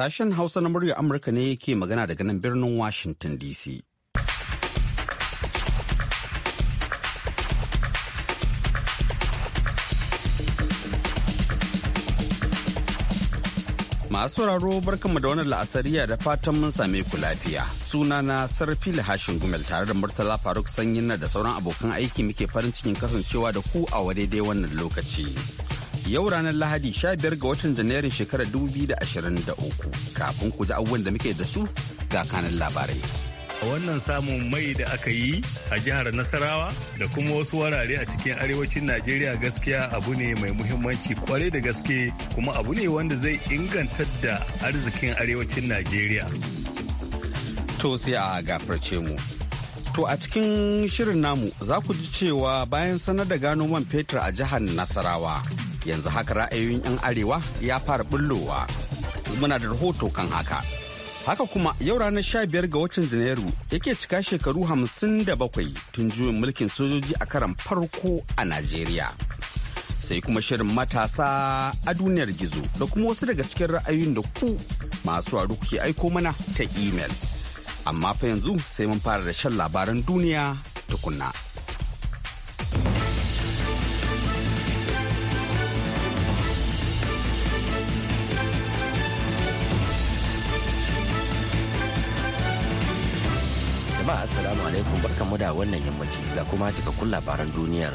Sashen Hausa na murya Amurka ne ke magana daga nan birnin Washington DC. Masu sauraro barkanmu da wannan la'asariya da fatan mun same ku lafiya. suna na Sarfi Hashin Gumel tare da Murtala Faruk Sanyin da sauran abokan aiki muke farin cikin kasancewa da ku a wadaidai wannan lokaci. Yau ranar Lahadi 15 ga watan Janairun shekarar 2023 kafin ku ji abubuwan da muke da su ga kanan labarai. A wannan samun mai da aka yi a jihar Nasarawa da kuma wasu wurare a cikin arewacin Najeriya gaskiya abu ne mai muhimmanci kwarai da gaske kuma abu ne wanda zai inganta da arzikin arewacin Najeriya. To sai a gafarce mu. To a cikin shirin namu za ku ji cewa bayan sanar da gano man fetur a jihar Nasarawa. yanzu haka ra'ayoyin 'yan arewa ya fara bullowa muna da rahoto kan haka haka kuma yau ranar 15 ga watan janairu yake cika shekaru 57 tun juyin mulkin sojoji a karan farko a najeriya sai kuma shirin matasa a duniyar gizo da kuma wasu daga cikin ra'ayoyin da ku masu waru kuke aiko mana ta imel amma fa yanzu sai mun fara da shan labaran duniya tukunna. alaikum barkanmu da wannan yammaci ga kuma cikakkun labaran duniyar.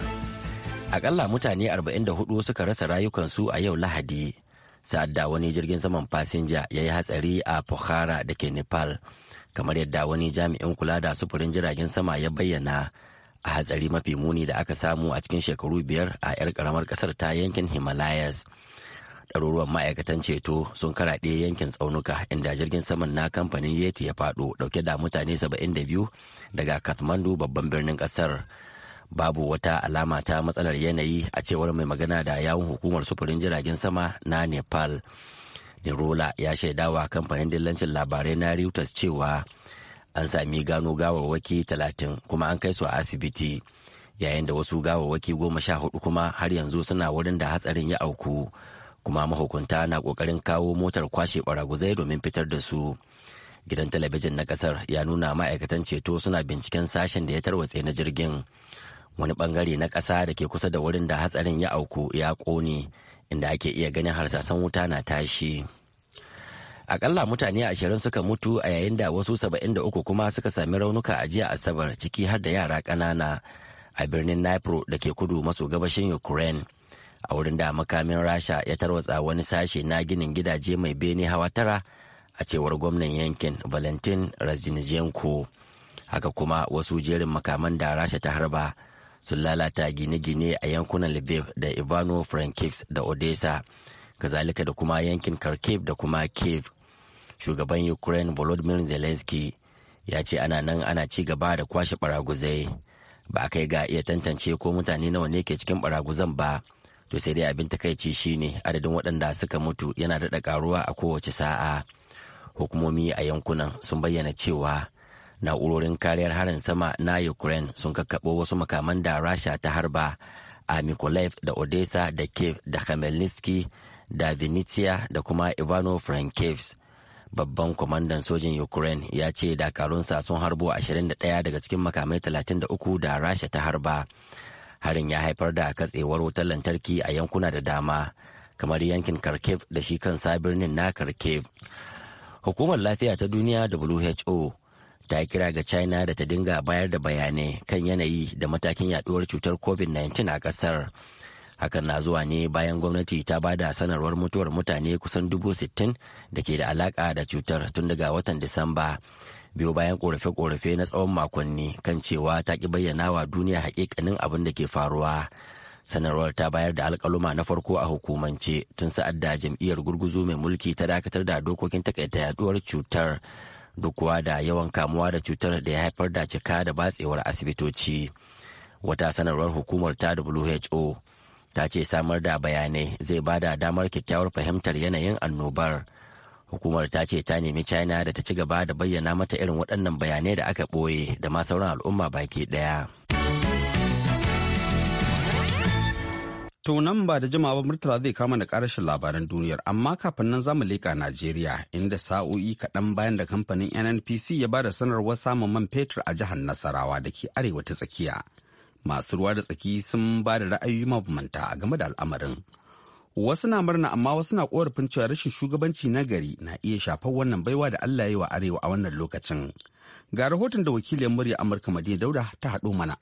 Akalla mutane 44 suka rasa rayukansu a yau Lahadi. Sa'ad da wani jirgin saman fasinja ya yi hatsari a Pokhara da ke Nepal, kamar yadda wani jami'in kula da sufurin jiragen sama ya bayyana a hatsari mafi muni da aka samu a cikin shekaru biyar a 'yar karamar ƙasar ta yankin Himalayas. ɗaruruwan ma'aikatan ceto sun karaɗe yankin tsaunuka inda jirgin saman na kamfanin yeti ya faɗo ɗauke da mutane 72 daga kathmandu babban birnin ƙasar babu wata alama ta matsalar yanayi a cewar mai magana da yawun hukumar sufurin jiragen sama na nepal nirola ya shaidawa kamfanin dillancin labarai na reuters cewa an sami gano gawarwaki 30 kuma an kai su a asibiti yayin da wasu gawarwaki goma sha hudu kuma har yanzu suna wurin da hatsarin ya auku kuma mahukunta na kokarin kawo motar kwashe baraguzai domin fitar da su gidan talabijin na kasar ya nuna ma'aikatan ceto suna binciken sashen da ya tarwatse na jirgin wani bangare na ƙasa da ke kusa da wurin da hatsarin ya auku ya ƙone inda ake iya ganin harsasan wuta na tashi akalla mutane ashirin suka mutu a yayin da wasu saba'in da uku kuma suka sami raunuka a jiya asabar ciki har da yara ƙanana a birnin nipro da ke kudu maso gabashin ukraine a wurin da makamin rasha ya tarwatsa wani sashe na ginin gidaje mai bene hawa tara a cewar gwamnan yankin valentin razinijenko haka kuma wasu jerin makaman da rasha ta harba sun lalata gine-gine a yankunan lviv da ivano frankivs da odessa kazalika da kuma yankin kharkiv da kuma kiev shugaban ukraine volodymyr zelensky ya ce ana nan ana ci gaba da kwashe baraguzai ba a kai ga iya tantance ko mutane nawa ne ke cikin baraguzan ba to sai dai abin takaici shine adadin waɗanda suka mutu yana daɗa ƙaruwa a kowace sa'a hukumomi a yankunan sun bayyana cewa na'urorin kariyar harin sama na ukraine sun kakkaɓo wasu makaman da rasha ta harba a mikolaif da odessa da kiev da khmelnytsky da vinitia da kuma ivano frankevs babban kwamandan sojin ukraine ya ce dakarunsa sun harbo 21 daga cikin makamai 33 da rasha ta harba harin ya haifar da katsewar wutar lantarki a yankuna da dama kamar yankin kharkiv da shi kansa birnin na kharkiv hukumar lafiya ta duniya who ta kira ga china da ta dinga bayar da bayanai kan yanayi da matakin yaduwar cutar covid-19 a kasar hakan na zuwa ne bayan gwamnati ta ba da sanarwar mutuwar mutane kusan dubu da ke da alaka da cutar tun daga watan disamba biyo bayan korafe-korafe na tsawon makonni kan cewa ta ki bayyana wa duniya hakikanin abin da ke faruwa sanarwar ta bayar da alkaluma na farko a hukumance tun sa'ad da jam'iyyar gurguzu mai mulki ta dakatar da dokokin takaita yaduwar cutar duk da yawan kamuwa da cutar da ya haifar da cika da batsewar asibitoci wata sanarwar hukumar ta who ta ce samar da bayanai zai ba da damar kyakkyawar fahimtar yanayin annobar hukumar ta ce ta nemi china da ta ci gaba da bayyana mata irin waɗannan bayanai da aka ɓoye da ma sauran al'umma baki ɗaya. To nan ba da jimawa Murtala zai kama da karashin labaran duniyar amma kafin nan zamu leƙa Najeriya inda sa'o'i kaɗan bayan da kamfanin NNPC ya ba da sanarwar samun man fetur a jihar Nasarawa da ke arewa ta tsakiya. Masu ruwa da tsaki sun ba da ra'ayoyi mabambanta a game da al'amarin. Wasu na murna amma wasu na korafin cewa rashin shugabanci na gari na iya shafar wannan baiwa da Allah ya wa arewa a wannan lokacin. Ga rahoton da wakilin murya Amurka Madina Dauda ta haɗo mana.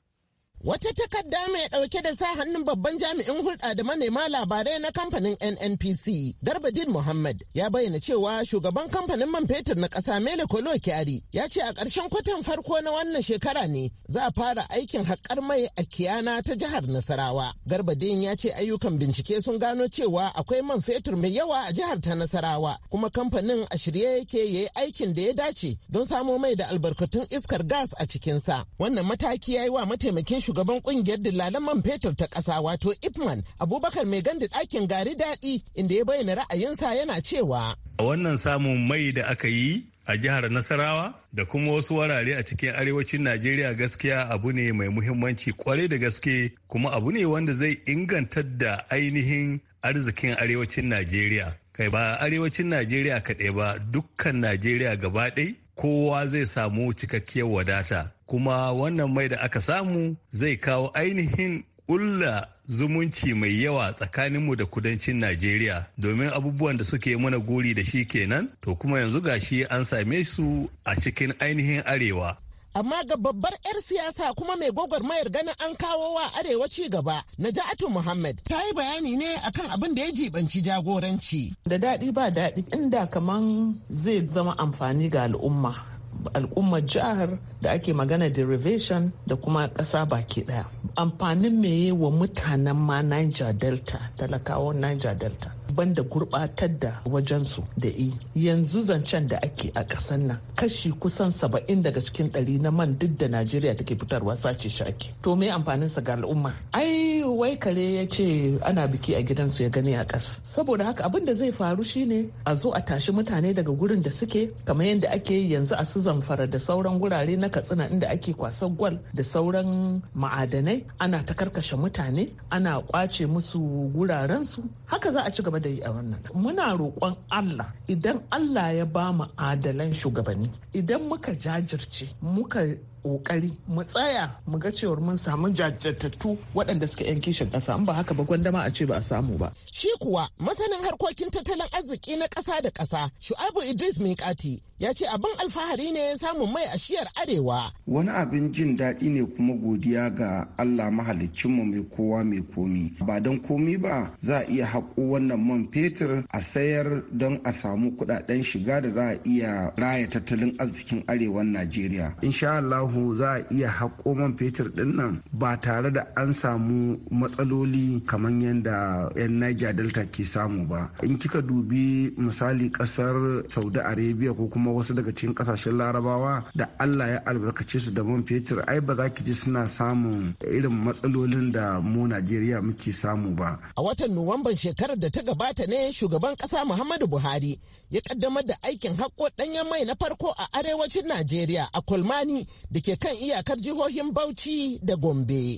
Wata takarda mai ɗauke da sa hannun babban jami'in hulɗa da manema labarai na kamfanin NNPC, Garbadin Muhammad, ya bayyana cewa shugaban kamfanin man fetur na ƙasa Mele Kolo Kyari ya ce a ƙarshen kwatan farko na wannan shekara ne za a fara aikin haƙar mai a Kiyana ta jihar Nasarawa. Garbadin ya ce ayyukan bincike sun gano cewa akwai man fetur mai yawa a jihar ta Nasarawa, kuma kamfanin a shirye yake ya yi aikin da ya dace don samo mai da albarkatun iskar gas a cikinsa. Wannan mataki ya yi wa mataimakin shugaban kungiyar dillalan man fetur ta ƙasa wato ipman abubakar mai gandu ɗakin gari daɗi inda ya bayyana ra'ayinsa yana cewa a wannan samun mai da aka yi a jihar Nasarawa da kuma wasu wurare a cikin arewacin Najeriya gaskiya abu ne mai muhimmanci kwarai da gaske kuma abu ne wanda zai inganta da ainihin arzikin arewacin Najeriya. Kai ba arewacin Najeriya kaɗai ba dukkan Najeriya gaba ɗai kowa zai samu cikakkiyar wadata. kuma wannan mai da aka samu zai kawo ainihin ƙulla zumunci mai yawa tsakaninmu da kudancin Najeriya domin abubuwan da suke mana gori da shi kenan to kuma yanzu gashi an same su a cikin ainihin arewa. Amma ga babbar 'yar siyasa kuma mai gwagwarmayar ganin an kawo wa arewa ci gaba, Naja'atu Muhammad ta yi bayani ne akan abin da ya jibanci jagoranci. Da daɗi ba daɗi inda kaman zai zama amfani ga al'umma. Al'umma jihar da ake magana derivation da kuma ƙasa baki ɗaya. Amfanin meye wa mutanen ma Niger Delta, talakawan Niger Delta, banda gurɓatar da wajensu da i. Yanzu zancen da ake a ƙasar nan, kashi kusan saba'in daga cikin ɗari na man duk da Najeriya take fitarwa sace shi ake. To me sa ga al'umma? Ai wai kare ya ce ana biki a gidansu ya gani a ƙas. Saboda haka abin da zai faru shine a zo a tashi mutane daga gurin da suke kamar yadda ake yanzu a su zamfara da sauran gurare na katsina inda ake kwasar gwal da sauran ma'adanai ana ta karkashe mutane ana kwace musu gurarensu haka za a ci gaba da yi a wannan muna roƙon allah idan allah ya ba mu adalan shugabanni idan muka jajirce muka kokari mu tsaya mu ga cewar mun samu jajjatattu waɗanda suka yan kishin ƙasa in ba haka ba gwandama a ce ba a samu ba shi kuwa masanin harkokin tattalin arziki na ƙasa da ƙasa shu'abu idris miƙati ya ce abin alfahari ne samu mai a shiyar arewa wani abin jin daɗi ne kuma godiya ga allah mahalicinmu mai kowa mai komi ba don komi ba za a iya haƙo wannan man fetur a sayar don a samu kuɗaɗen shiga da za a iya raya tattalin arzikin arewan najeriya insha Allahu za a iya haƙo man fetur ɗin nan ba tare da an samu matsaloli kamar yadda 'yan Niger Delta ke samu ba. In kika dubi misali ƙasar Saudi Arabia ko kuma wasu daga cikin ƙasashen Larabawa da Allah ya albarkace su da man fetur ai ba za ki ji suna samun irin matsalolin da mu Najeriya muke samu ba. A watan Nuwamban shekarar da ta gabata ne shugaban ƙasa Muhammadu Buhari ya ƙaddamar da aikin haƙo ɗanyen mai na farko a arewacin Najeriya a kulmani. da ke kan iyakar jihohin Bauchi da Gombe.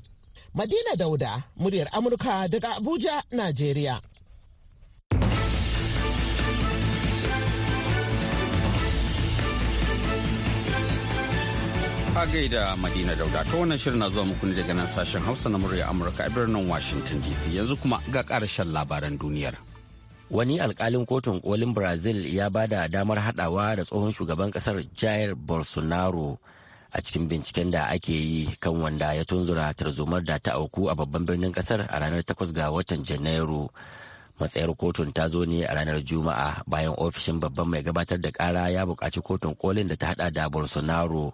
Madina Dauda, muryar Amurka daga Abuja, Najeriya. a gaida madina dauda ta wannan shirin na zuwa muku daga nan sashen hausa na murya amurka a birnin washington dc yanzu kuma ga karashen labaran duniyar wani alkalin kotun kolin brazil ya ba da damar hadawa da tsohon shugaban kasar jair bolsonaro a cikin binciken da ake yi kan wanda ya tunzura tarzomar da ta auku a babban birnin kasar a ranar 8 ga watan janairu matsayar kotun ta zo ne a ranar juma'a bayan ofishin babban mai gabatar da kara ya buƙaci kotun kolin da ta hada da bolsonaro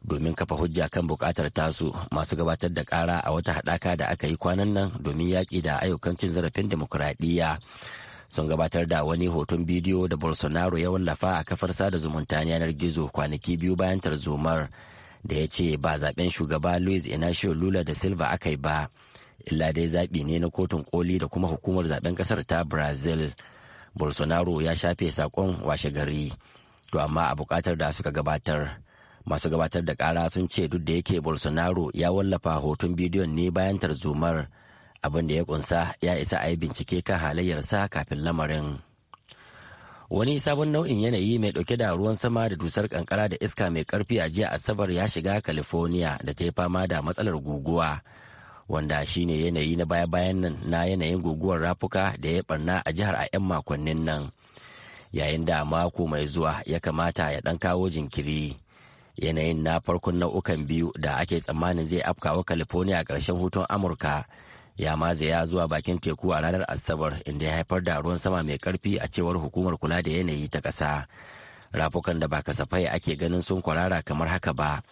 domin kafa hujja kan buƙatar tasu masu gabatar da kara a wata haɗaka da aka yi kwanan nan domin yaƙi da ayyukan cin zarafin demokuraɗiyya sun gabatar da wani hoton bidiyo da bolsonaro ya wallafa a kafar sada zumunta yanar gizo kwanaki biyu bayan tarzomar da ya ce ba zaben shugaba luis inacio lula da silva aka yi ba illa dai zaɓi ne na kotun koli da kuma hukumar zaben ƙasar ta brazil bolsonaro ya shafe saƙon washe gari to amma a buƙatar da suka gabatar masu gabatar da ƙara sun ce duk da yake bolsonaro ya wallafa hoton bidiyon ne bayan tarzomar abin da ya kunsa ya isa a yi bincike kan halayyarsa kafin lamarin wani sabon nau'in yanayi mai dauke da ruwan sama da dusar kankara da iska mai karfi a jiya asabar ya shiga california da ta yi fama da matsalar guguwa wanda shine yanayi na baya-bayan nan na yanayin guguwar rafuka da ya barna a jihar a 'yan makonnin nan yayin da mako mai zuwa ya kamata ya dan kawo jinkiri yanayin na farkon nau'ukan biyu da ake tsammanin zai afkawa california a ƙarshen hutun amurka ya mazaya zuwa bakin teku a ranar asabar inda ya haifar da ruwan sama mai karfi a cewar hukumar kula da yanayi ta ƙasa rafukan da ba kasafai ake ganin sun kwarara kamar haka ba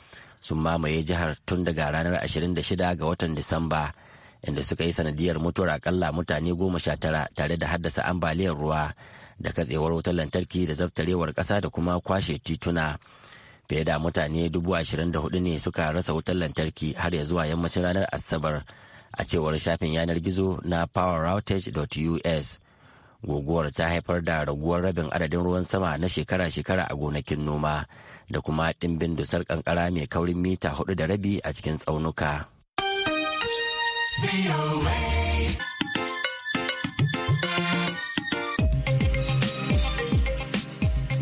sun mamaye jihar tun daga ranar 26 ga watan disamba inda suka yi sanadiyar mutuwar akalla mutane goma sha tara tare da haddasa ambaliyar ruwa da katsewar wutar lantarki da zabtarewar ƙasa da kuma kwashe tituna fiye da mutane dubu ashirin da hudu ne suka rasa wutar lantarki har ya zuwa yammacin ranar asabar a cewar shafin yanar gizo na poweroutage.us guguwar ta haifar da raguwar rabin adadin ruwan sama na shekara-shekara a gonakin noma da kuma ɗimbin dusar kankara mai kaurin mita hudu da rabi a cikin tsaunuka.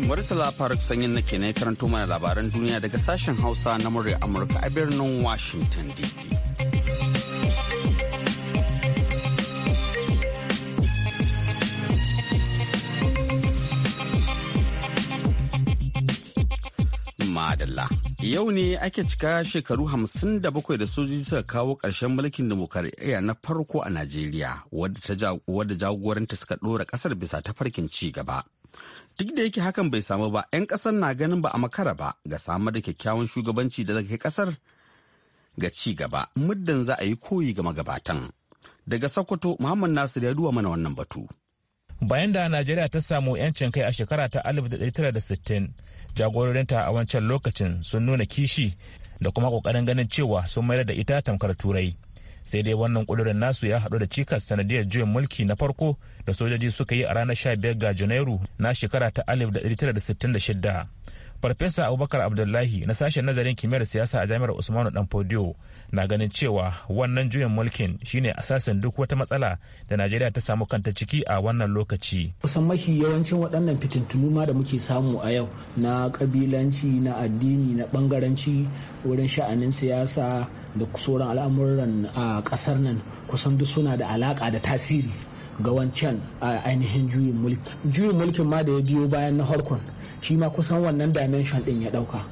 Murtala Faruk Sanyin nake yi karanto mana labaran duniya daga sashen Hausa na murya Amurka a birnin Washington DC. Madalla. Yau ne ake cika shekaru hamsin da bakwai da sojoji suka kawo ƙarshen mulkin dimokuraɗiyya na farko a Najeriya wadda jagoranta suka ɗora ƙasar bisa tafarkin ci gaba. Duk da yake hakan bai samu ba, 'yan ƙasar na ganin ba a makara ba ga samar da kyakkyawan shugabanci da zai ƙasar ga ci gaba muddin za a yi koyi ga magabatan. Daga Sokoto, Muhammad Nasir ya duwa mana wannan batu. bayan da najeriya ta samu 'yancin kai a shekara ta 1960 jagororinta a wancan lokacin sun nuna kishi da kuma kokarin ganin cewa sun mayar da ita tamkar turai sai dai wannan kudurin nasu ya haɗu da cikas sanadiyar juyin mulki na farko da sojoji suka yi a ranar 15 ga janairu na shekara ta 1966 farfesa abubakar abdullahi na sashen nazarin kimiyyar siyasa a jami'ar usmanu danfodiyo na ganin cewa wannan juyin mulkin shine asasin duk wata matsala da najeriya ta samu kanta ciki a wannan lokaci kusan mafi yawancin waɗannan fitintunu ma da muke samu a yau na kabilanci na addini na bangaranci wurin sha'anin siyasa da sauran al'amuran a ƙasar nan kusan duk suna da alaƙa da tasiri ga wancan ainihin juyin mulkin juyin mulkin ma da ya biyo bayan na harkon shi ma kusan wannan dimension din ya dauka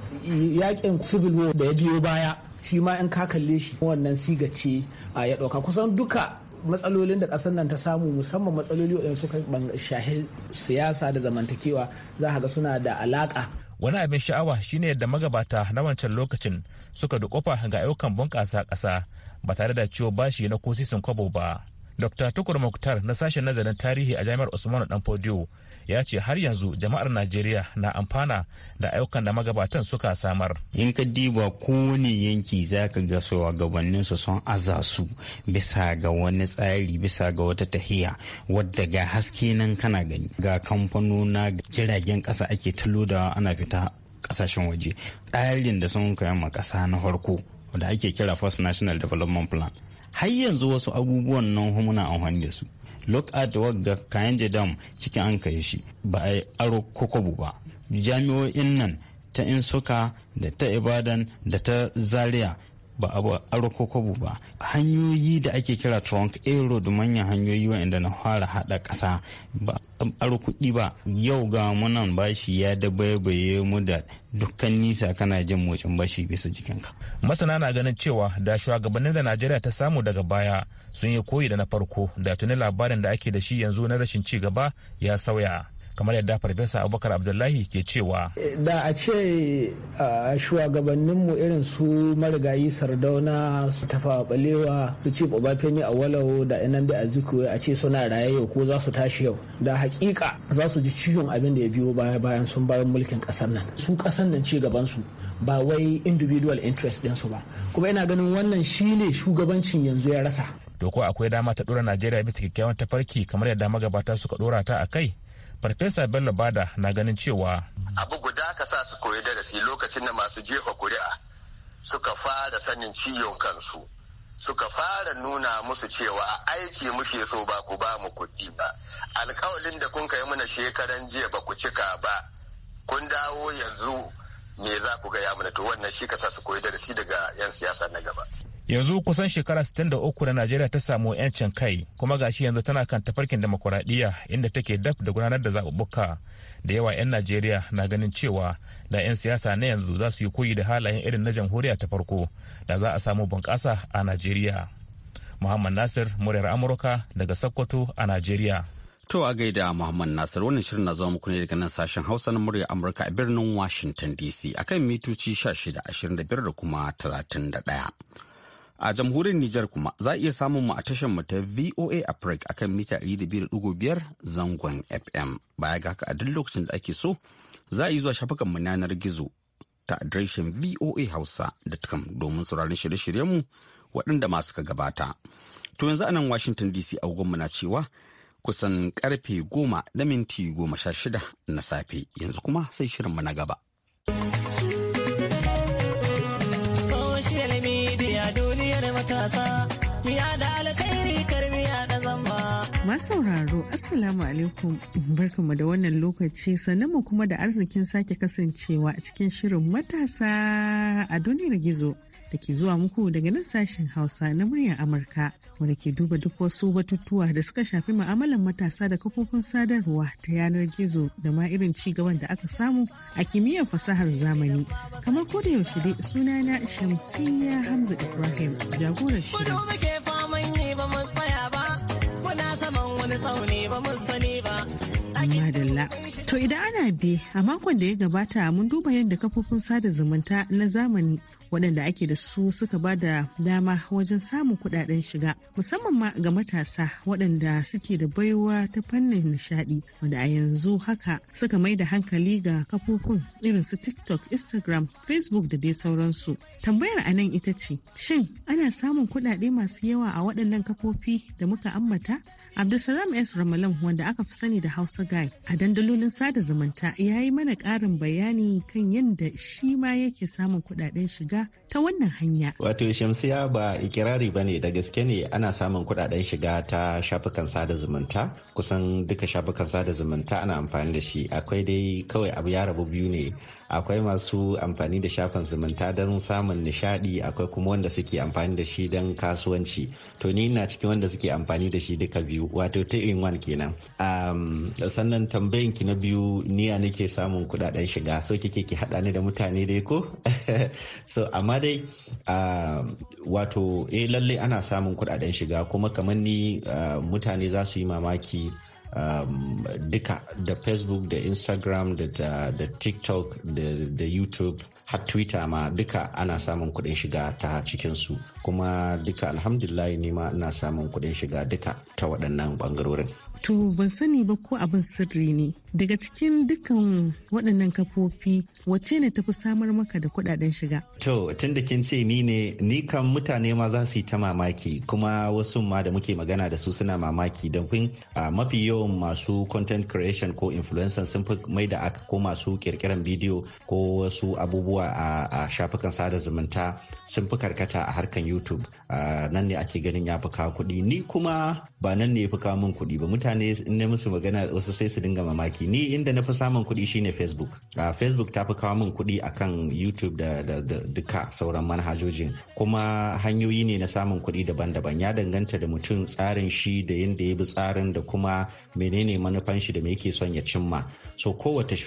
yakin civil war da ya biyo baya shi ma in ka kalle shi wannan siga ce a ya dauka kusan duka matsalolin da kasar nan ta samu musamman matsaloli waɗanda suka shahi siyasa da zamantakewa za a ga suna da alaƙa. Wani abin sha'awa shine yadda magabata na wancan lokacin suka dukofa ga ayyukan bunƙasa ƙasa ba tare da ciwo bashi na kosisin kwabo ba. Dr. Tukur Mukhtar na sashen nazarin tarihi a Jami'ar usman dan Danfodiyo ya ce har yanzu jama'ar Najeriya na amfana da ayyukan da magabatan suka samar. In ka diba kowane yanki za ka ga gabanin su sun aza su bisa ga wani tsari bisa ga wata tahiya wadda ga haske nan kana gani ga kamfanona jiragen kasa ake da ana fita kasashen waje tsarin da sun kayan ma ƙasa na farko da ake kira first national development plan har yanzu wasu abubuwan nan muna amfani da su look at wagga kayan jadam cikin an kai shi ba a yi aro kokobu ba jami'o'in nan ta insuka da ta ibadan da ta zaria ba a aro ko kobo ba hanyoyi da ake kira trunk aero da manyan hanyoyi wa'anda na fara hada kasa ba aro kudi ba yau ga munan bashi ya dabaibaye mu da dukkan nisa kana jin motsin bashi bisa jikinka masana na ganin cewa da shugabannin da najeriya ta samu daga baya sun yi koyi da na farko da tuni labarin da ake da shi yanzu na rashin ci gaba ya sauya kamar yadda farfesa abubakar abdullahi ke cewa da a ce shugabanninmu irin su marigayi sardauna su tafa balewa su ci ni a walau da inan da azikiwe a ce suna raye yau ko za su tashi yau da hakika za su ji ciwon abin da ya biyo baya bayan sun bayan mulkin kasar nan su kasar nan ci gaban su ba wai individual interest su ba kuma ina ganin wannan shine shugabancin yanzu ya rasa to ko akwai dama ta dora najeriya bisa kyakkyawan tafarki kamar yadda magabata suka dora ta a kai farfesa bello bada na ganin cewa abu guda ka sa su koyi darasi lokacin da masu jefa kuri'a suka fara sanin ciyon kansu suka fara nuna musu cewa aiki muke so ba ku ba mu kuɗi ba alkawalin da kun kai mana shekaran jiya ba ku cika ba kun dawo yanzu me za ku gaya mana to wannan shi ka sa su koyi darasi daga 'yan siyasa na gaba yanzu kusan shekara 63 da najeriya ta samu 'yancin kai kuma gashi yanzu tana kan tafarkin demokuraɗiyya inda take daf da gudanar da zaɓuɓɓuka da yawa 'yan najeriya na ganin cewa da 'yan siyasa na yanzu za su yi koyi da halayen irin na jamhuriya ta farko da za a samu bunƙasa a najeriya muhammad nasir muryar amurka daga sokoto a najeriya To a gaida Muhammad Nasir wannan shirin na zama muku ne daga nan sashen Hausa na murya Amurka a birnin Washington DC akan mitoci 16, 25 da kuma 31. A jamhuriyar Nijar kuma za a iya samun mu a tashar mu ta VOA Africa akan mita 200.5 zangon FM. Baya ga haka a duk lokacin da ake so za a yi zuwa shafukan mu yanar gizo ta adireshin voahausa.com domin sauraron shirye-shiryen mu waɗanda masu ka gabata. To yanzu a nan Washington DC a mu na cewa kusan karfe goma da minti goma sha shida na safe yanzu kuma sai shirin mu na gaba. ma sauraro Assalamu alaikum barkanmu da wannan lokaci sannan mu kuma da arzikin sake kasancewa a cikin shirin matasa a duniyar gizo da ke zuwa muku daga nan sashen Hausa na muryar Amurka wanda ke duba duk wasu batutuwa da suka shafi ma'amalar matasa da kafofin sadarwa ta yanar gizo da ma irin ci gaban da aka samu a kimiyyar fasahar zamani. Kamar kodayaushe dai sunana Shamsiyya Hamza Ibrahim jagorar shirin. Aarde. Madalla. To idan ana bi a makon da ya gabata mun duba yadda kafofin sada zumunta na zamani waɗanda ake da su suka ba da dama wajen samun kuɗaɗen shiga musamman ma ga matasa waɗanda suke da baiwa ta fannin nishaɗi wanda a yanzu haka suka mai da hankali ga kafofin irin su tiktok instagram facebook da dai sauransu tambayar a nan ita ce shin ana samun kuɗaɗe masu yawa a waɗannan kafofi da muka ambata abdulsalam s ramalan wanda aka fi sani da hausa guy a dandalolin sada zumunta ya yi mana karin bayani kan yadda shi ma yake samun kudaden shiga ta wannan hanya. Wato Shamsiya ba ikirari ba ne da gaske ne ana samun kudaden shiga ta shafukan sada zumunta kusan duka shafukan sada zumunta ana amfani da shi akwai dai kawai abu ya rabu biyu ne akwai masu amfani da shafin zumunta don samun nishadi akwai kuma wanda suke amfani da shi don kasuwanci to ni ina cikin wanda suke amfani da shi duka biyu wato ta in one kenan sannan tambayin ki na biyu niya nake samun kudaden shiga so kike ki hada ni da mutane dai ko so amma dai wato eh lalle ana samun kudaden shiga kuma kamar ni mutane za su yi mamaki um, duka da facebook da instagram da, da, da tiktok da, da youtube har twitter ma duka ana samun kuɗin shiga ta cikinsu kuma duka alhamdulillah ne ma ina samun kuɗin shiga duka ta waɗannan ɓangarorin To ban sani ba ko abin sirri ne. Daga cikin dukkan waɗannan kafofi wacce ne tafi samar maka da kuɗaɗen shiga? To tun da kin ce ni ne ni kan mutane ma za su yi ta mamaki kuma wasu ma da muke magana da su suna mamaki don kun mafi yawan masu content creation ko influencer sun fi mai da aka ko masu kirkiran bidiyo ko wasu abubuwa a shafukan sada zumunta sun fi karkata a harkan YouTube nan ne ake ganin ya fi kawo kuɗi ni kuma ba nan ne ya fi kawo min kuɗi ba mutane ne musu magana wasu sai su dinga mamaki ni inda na fi samun kuɗi shine facebook a facebook ta fi kawo min kuɗi akan youtube da, duka sauran manhajojin kuma hanyoyi ne na samun kuɗi daban-daban ya danganta da mutum tsarin shi da yadda ya bi tsarin da kuma menene manufan shi da me yake son ya cimma so kowace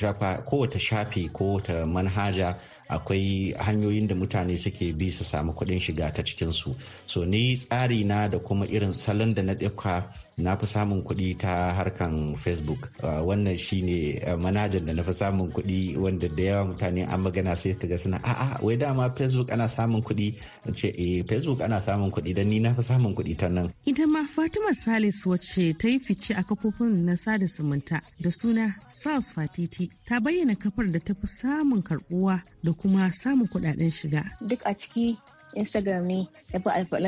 shafi ko wata manhaja akwai hanyoyin da mutane suke bi su samu kuɗin shiga ta cikinsu so ni tsari na da kuma irin salon da na ɗauka na fi samun kuɗi ta harkan facebook ah, wannan shi ne ah, manajan da na fi samun kuɗi wanda da yawa mutane an magana sai ka ga suna a'a wai dama facebook ana samun kuɗi ce eh facebook ana samun kuɗi dan ni na fi samun kuɗi ta nan ita ma fatima salis wacce ta yi fice a kafofin na sada zumunta da suna sals fatiti ta bayyana kafar da ta fi samun karbuwa da kuma samun kudaden shiga. Duk a ciki Instagram ne ya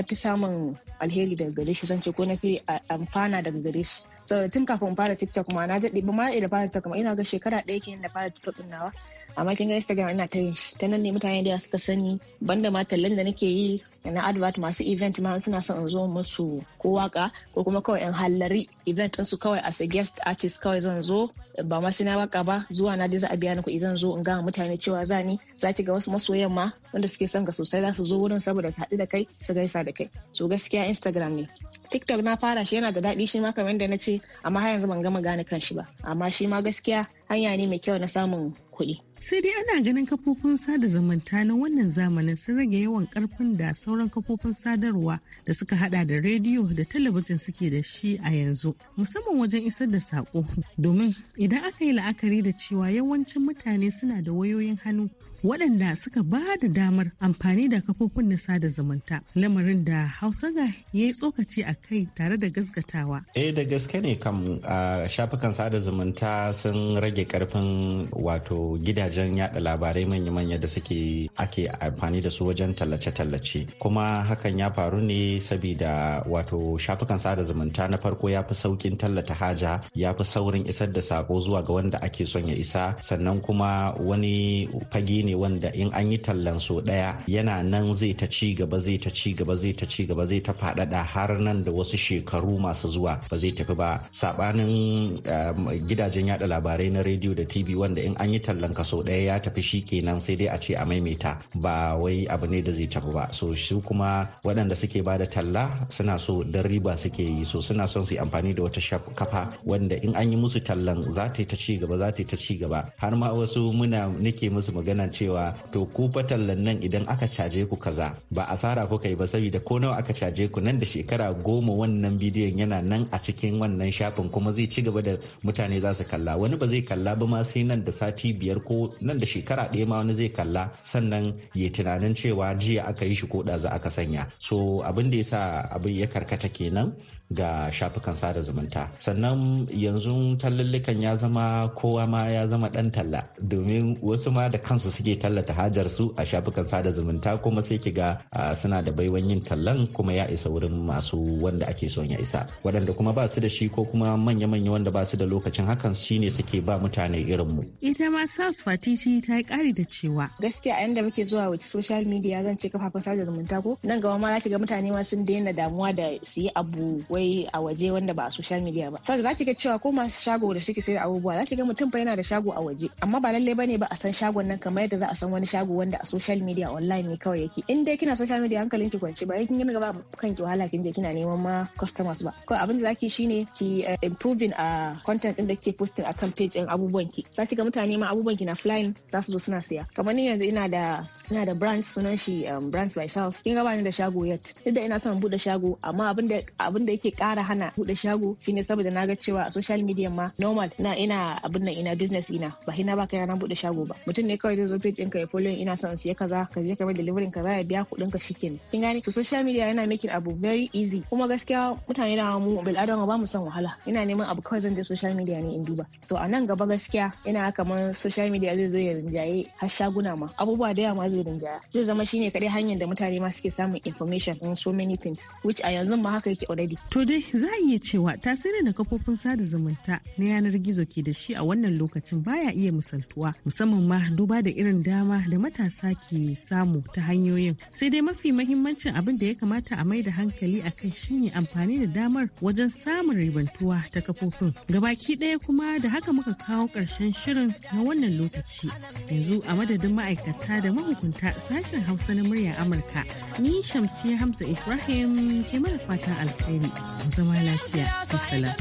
fi samun alheri daga gare shi zan ce ko na fi amfana daga gare shi. Saboda tun kafin fara TikTok ma na daɗi ba ma da fara TikTok ma ina ga shekara ɗaya kenan da fara TikTok nawa. amma kin ga instagram ina ta yin shi ta nan ne mutane da suka sani banda ma tallan da nake yi na advert masu event ma suna son in zo musu ko waka ko kuma kawai in hallari event su kawai as a guest artist kawai zan zo ba ma na waka ba zuwa na dai za a biya ni kuɗi zan zo in ga mutane cewa za ni za ki ga wasu masoyan ma wanda suke son ka sosai za su zo wurin saboda su haɗu da kai su gaisa da kai to gaskiya instagram ne tiktok na fara shi yana da daɗi shi ma kamar yadda na ce amma har yanzu ban gama gane kan shi ba amma shi ma gaskiya hanya ne mai kyau na samun kuɗi. Sai dai ana ganin kafofin sada zumunta na wannan zamanin sun rage yawan karfin da sauran kafofin sadarwa da suka hada da rediyo da talabijin suke da shi a yanzu musamman wajen isar da sako domin idan aka yi la'akari da cewa yawancin mutane suna da wayoyin hannu waɗanda suka ba da damar amfani da kafofin na sada zumunta lamarin da hausa ga ya yi tsokaci a kai tare da gaskatawa. Eh, da gaske ne kam shafukan sada zumunta sun rage rage karfin wato gidajen yada labarai manya-manya da suke ake amfani da su wajen tallace-tallace kuma hakan ya faru ne saboda wato shafukan sada zumunta na farko ya fi saukin tallata haja ya fi saurin isar da sako zuwa ga wanda ake son ya isa sannan kuma wani fage ne wanda in an yi tallan so daya yana nan zai ta ci gaba zai ta ci gaba zai ta ci gaba zai ta faɗaɗa har nan da wasu shekaru masu zuwa ba zai tafi ba sabanin eh, gidajen yada labarai na rediyo da tv wanda in an yi tallan kaso ɗaya ya tafi shi kenan sai dai a ce a maimaita ba wai abu ne da zai tafi ba so shi kuma waɗanda suke ba da talla suna so don riba suke yi so suna son su yi amfani da wata kafa wanda in an yi musu tallan za ta yi ta ci gaba za ta yi ta ci gaba har ma wasu muna nake musu magana cewa to ku fa tallan nan idan aka caje ku kaza ba asara kuka yi ba saboda ko nawa aka caje ku nan da shekara goma wannan bidiyon yana nan a cikin wannan shafin kuma zai ci gaba da mutane za su kalla wani ba zai kalla kalla ba ma sai nan da sati biyar ko nan da shekara ɗaya ma wani zai kalla sannan ya tunanin cewa jiya aka yi shi ko ɗazu aka sanya so abin da ya sa abin ya karkata kenan ga shafukan sada zumunta sannan yanzu tallallikan ya zama kowa ma ya zama dan talla domin wasu ma da kansu suke tallata hajar su a shafukan sada zumunta kuma sai ki ga suna da baiwan yin tallan kuma ya isa wurin masu wanda ake son ya isa waɗanda kuma ba su da shi ko kuma manya-manya wanda ba su da lokacin hakan shine suke ba mutane irin mu ita ma sas Fatiti ta yi ƙari da cewa gaskiya a yanda muke zuwa wace social media zan ce kafafen sada zumunta ko nan gaba ma za ki ga mutane ma sun daina damuwa da su yi abu wai a waje wanda ba a social media ba sai za ki ga cewa ko masu shago da suke sayar abubuwa za ki ga mutum fa yana da shago a waje amma ba lalle bane ba a san shagon nan kamar yadda za a san wani shago wanda a social media online ne kawai yake in dai kina social media hankalin ki kwance ba kin ga ba kanki wahala kin je kina neman ma customers ba ko abin da zaki shine ki eh, improving a ah, content din da kike posting akan page din abubuwan ki za ki ga mutane ma abubuwan ki na flying za su zo suna siya kamar ni yanzu ina da ina da brands sunan shi um, brands by south kin ga ba ni da shago yet duk da ina son buɗe shago amma abin da abin da nake ƙara hana buɗe shago shine saboda na ga cewa a social media ma normal na ina abin nan ina business ina ba hina ba kai na buɗe shago ba mutum ne kawai zai zo page ɗinka ya follow ina son siya kaza ka je ka mai delivery ka ya biya kuɗin ka shikin kin gane to social media yana making abu very easy kuma gaskiya mutane da mu bil adama ba mu son wahala ina neman abu kawai zan je social media ne in duba so a nan gaba gaskiya ina kamar social media zai zo ya rinjaye har shaguna ma abubuwa da yawa ma zai rinjaya zai zama shine kaɗai hanyar da mutane ma suke samun information in so many things which a yanzu ma haka yake already To dai za a iya cewa tasirin da kafofin sada zumunta na yanar gizo ke da shi a wannan lokacin baya iya misaltuwa musamman ma duba da irin dama da matasa ke samu ta hanyoyin. Sai dai mafi mahimmancin abin da ya kamata a mai da hankali a kan shi ne amfani da damar wajen samun ribantuwa ta kafofin. Gabaki ɗaya kuma da haka muka kawo ƙarshen shirin na wannan lokaci. Yanzu a madadin ma'aikata da mahukunta sashen Hausa na muryar Amurka. Ni Shamsiyya Hamza Ibrahim ke mana fatan alheri. zama lafiya asala.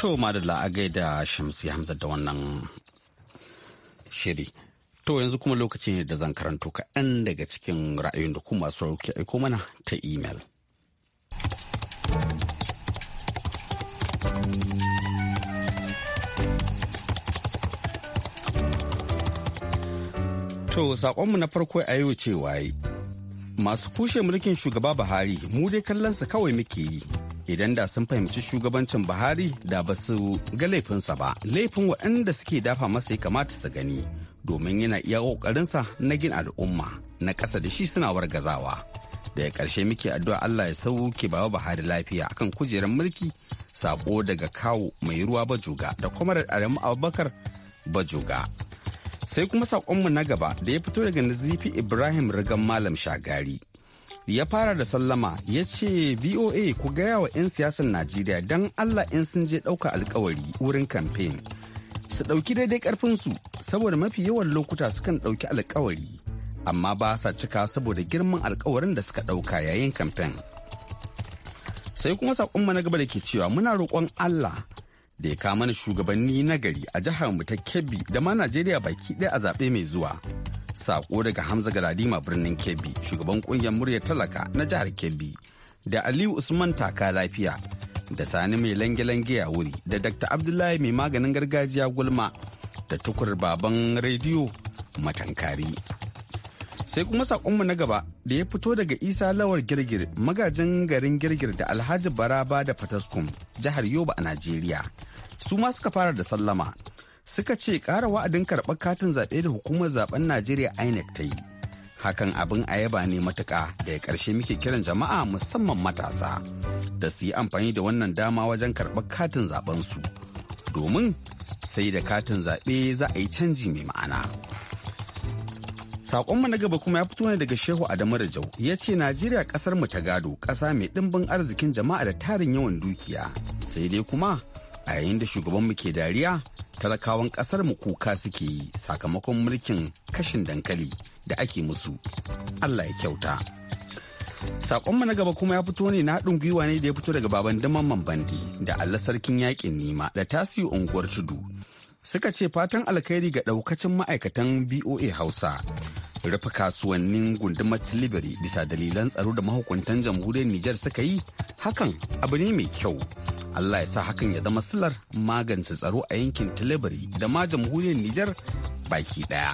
To madalla a gaida Shamsi Hamza da wannan shiri. To yanzu kuma lokaci ne da zan karanto kaɗan daga cikin ra'ayin da kuma masu rauki aiko mana ta imel. To saƙonmu na farko a yau waye. masu kushe mulkin shugaba buhari mu dai sa kawai muke yi idan da sun fahimci shugabancin buhari da ba su ga laifinsa ba laifin waɗanda suke dafa masa ya kamata su gani domin yana iya ƙoƙarinsa na gin al'umma na ƙasa da shi suna wargazawa Da daga ƙarshe muke addu'a allah ya sauke baba buhari lafiya akan kujerar mulki sabo daga kawo mai ruwa bajuga da kwamarar adamu abubakar bajuga sai kuma saƙonmu na gaba da ya fito daga nazifi ibrahim rigan malam shagari ya fara da sallama ya ce voa ku gaya wa 'yan siyasar najeriya don allah in sun je ɗauka alkawari wurin kamfen su ɗauki daidai ƙarfinsu saboda mafi yawan lokuta sukan ɗauki alkawari amma ba sa cika saboda girman alkawarin da suka ɗauka yayin kamfen sai kuma saƙonmu na gaba da ke cewa muna roƙon allah da ya kama na shugabanni na gari a jihar mu ta Kebbi da ma Najeriya baki ɗaya a zaɓe mai zuwa. Sako daga Hamza Galadima birnin Kebbi, shugaban ƙungiyar muryar talaka na jihar Kebbi, da Aliyu Usman taka lafiya, da Sani mai lange-lange a wuri, da Dr. Abdullahi mai maganin gargajiya gulma, da tukur baban rediyo matankari. sai kuma saƙonmu na gaba da ya fito daga isa lawar girgir magajin garin girgir da alhaji baraba da fataskum jihar yoba a najeriya su ma suka fara da sallama suka ce ƙara wa'adin karɓar katin zaɓe da hukumar zaben najeriya inec ta yi hakan abin a yaba ne da ya ƙarshe muke kiran jama'a musamman matasa da su yi amfani da wannan dama wajen karɓar katin zaben su domin sai da katin zaɓe za a yi canji mai ma'ana. Sakonmu na gaba kuma ya fito ne daga Shehu Adamu jau ya ce Najeriya kasar mu ta gado ƙasa mai ɗimbin arzikin jama'a da tarin yawan dukiya. Sai dai kuma a yayin da shugaban mu ke dariya talakawan kasar mu kuka suke yi sakamakon mulkin kashin dankali da ake musu. Allah ya kyauta. Sakonmu na gaba kuma ya fito ne na haɗin gwiwa ne da ya fito daga baban daman mambandi da Allah sarkin yaƙin nima da tasiri unguwar tudu suka ce fatan alkhairi ga daukacin ma'aikatan BOA Hausa. Rufe kasuwannin gundumar Tilibiri bisa dalilan tsaro da mahukuntan jamhuriyar Nijar suka yi hakan abu ne mai kyau. Allah ya sa hakan ya zama silar magance tsaro a yankin Tilibiri da ma jamhuriyar Nijar baki daya.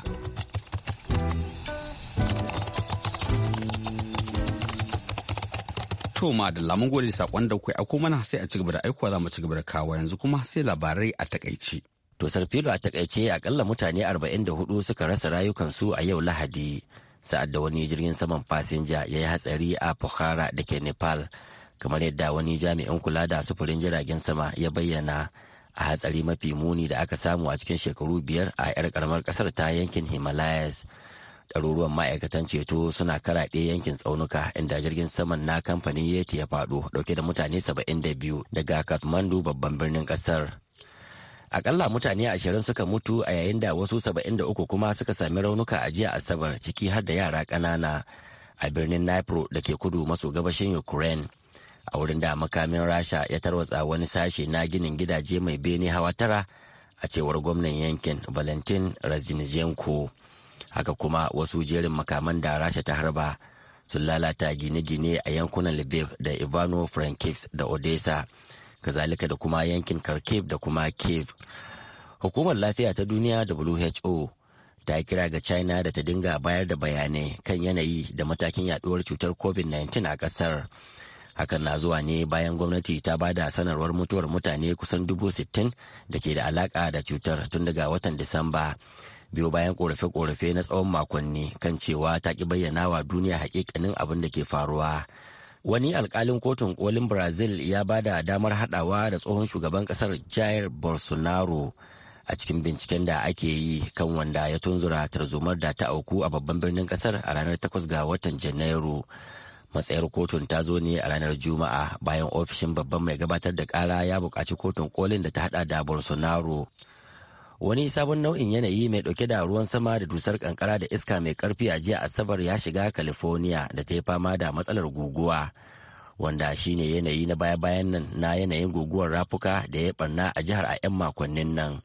to ma da lamun gode sakon da kai mana sai a cigaba da aikowa za mu cigaba da kawo yanzu kuma sai labarai a takaice dosar filo a takaice akalla mutane 44 suka rasa rayukansu a yau Lahadi sa'ad da wani jirgin saman fasinja ya yi hatsari a Pokhara da ke Nepal kamar yadda wani jami'in kula da sufurin jiragen sama ya bayyana a hatsari mafi muni da aka samu a cikin shekaru biyar a 'yar karamar kasar ta yankin Himalayas. Ɗaruruwan ma'aikatan ceto suna karaɗe yankin tsaunuka inda jirgin saman na kamfanin Yeti ya faɗo ɗauke da mutane 72 daga Kathmandu babban birnin ƙasar. akalla mutane ashirin suka mutu a yayin da wasu saba'in da uku kuma suka sami raunuka a jiya asabar ciki har da yara ƙanana a birnin nipro da ke kudu maso gabashin ukraine a wurin da makamin rasha ya tarwatsa wani sashe na ginin gidaje mai bene hawa tara a cewar gwamnan yankin valentin razinzenko haka kuma wasu jerin makaman da rasha ta harba sun lalata gine-gine a yankunan lviv da ivano frankivs da odessa kazalika da kuma yankin kharkiv da kuma kiev hukumar lafiya ta duniya who ta kira ga china da ta dinga bayar da bayanai kan yanayi da matakin yaduwar cutar covid-19 a kasar hakan na zuwa ne bayan gwamnati ta ba da sanarwar mutuwar mutane kusan dubu da ke da alaka da cutar tun daga watan disamba biyu bayan korafe-korafe na tsawon makonni kan cewa ta ki bayyana wa duniya hakikanin abin da ke faruwa wani alkalin kotun kolin brazil ya ba da damar hadawa da tsohon shugaban kasar jair bolsonaro a cikin binciken da ake yi kan wanda ya tunzura tarzomar da ta auku a babban birnin kasar a ranar 8 ga watan janairu matsayar kotun ta zo ne a ranar juma'a bayan ofishin babban mai gabatar da kara ya bukaci kotun kolin da ta hada da bolsonaro wani sabon nau'in yanayi mai dauke da ruwan sama da dusar kankara da iska mai karfi a jiya asabar ya shiga california da ta yi fama da matsalar guguwa wanda shine yanayi na baya-bayan nan na yanayin guguwar rafuka da ya barna a jihar a 'yan makonnin nan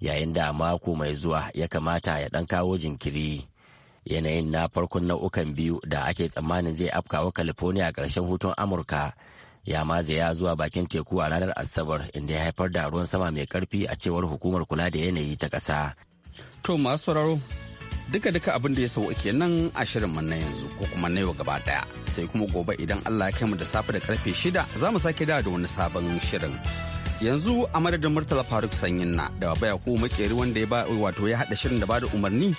yayin da mako mai zuwa ya kamata ya dan kawo jinkiri yanayin na farkon nau'ukan biyu da ake tsammanin zai afkawa california a ƙarshen hutun amurka ya mazaya zuwa bakin teku a ranar asabar inda ya haifar da ruwan sama mai karfi a cewar hukumar kula da yanayi ta kasa to masu sauraro duka duka abin da ya sauwa nan a shirin na yanzu ko kuma na yau gaba daya sai kuma gobe idan Allah ya kai mu da safe da karfe shida za mu sake da wani sabon shirin yanzu a madadin murtala faruk sanyin na da baba ya kuma makeri wanda ya ba wato ya hada shirin da bada umarni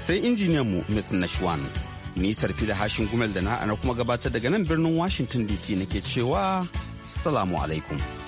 sai injiniyan mu miss nashwan nisar da hashin gumel da na kuma gabatar daga nan birnin washington dc nake cewa salamu alaikum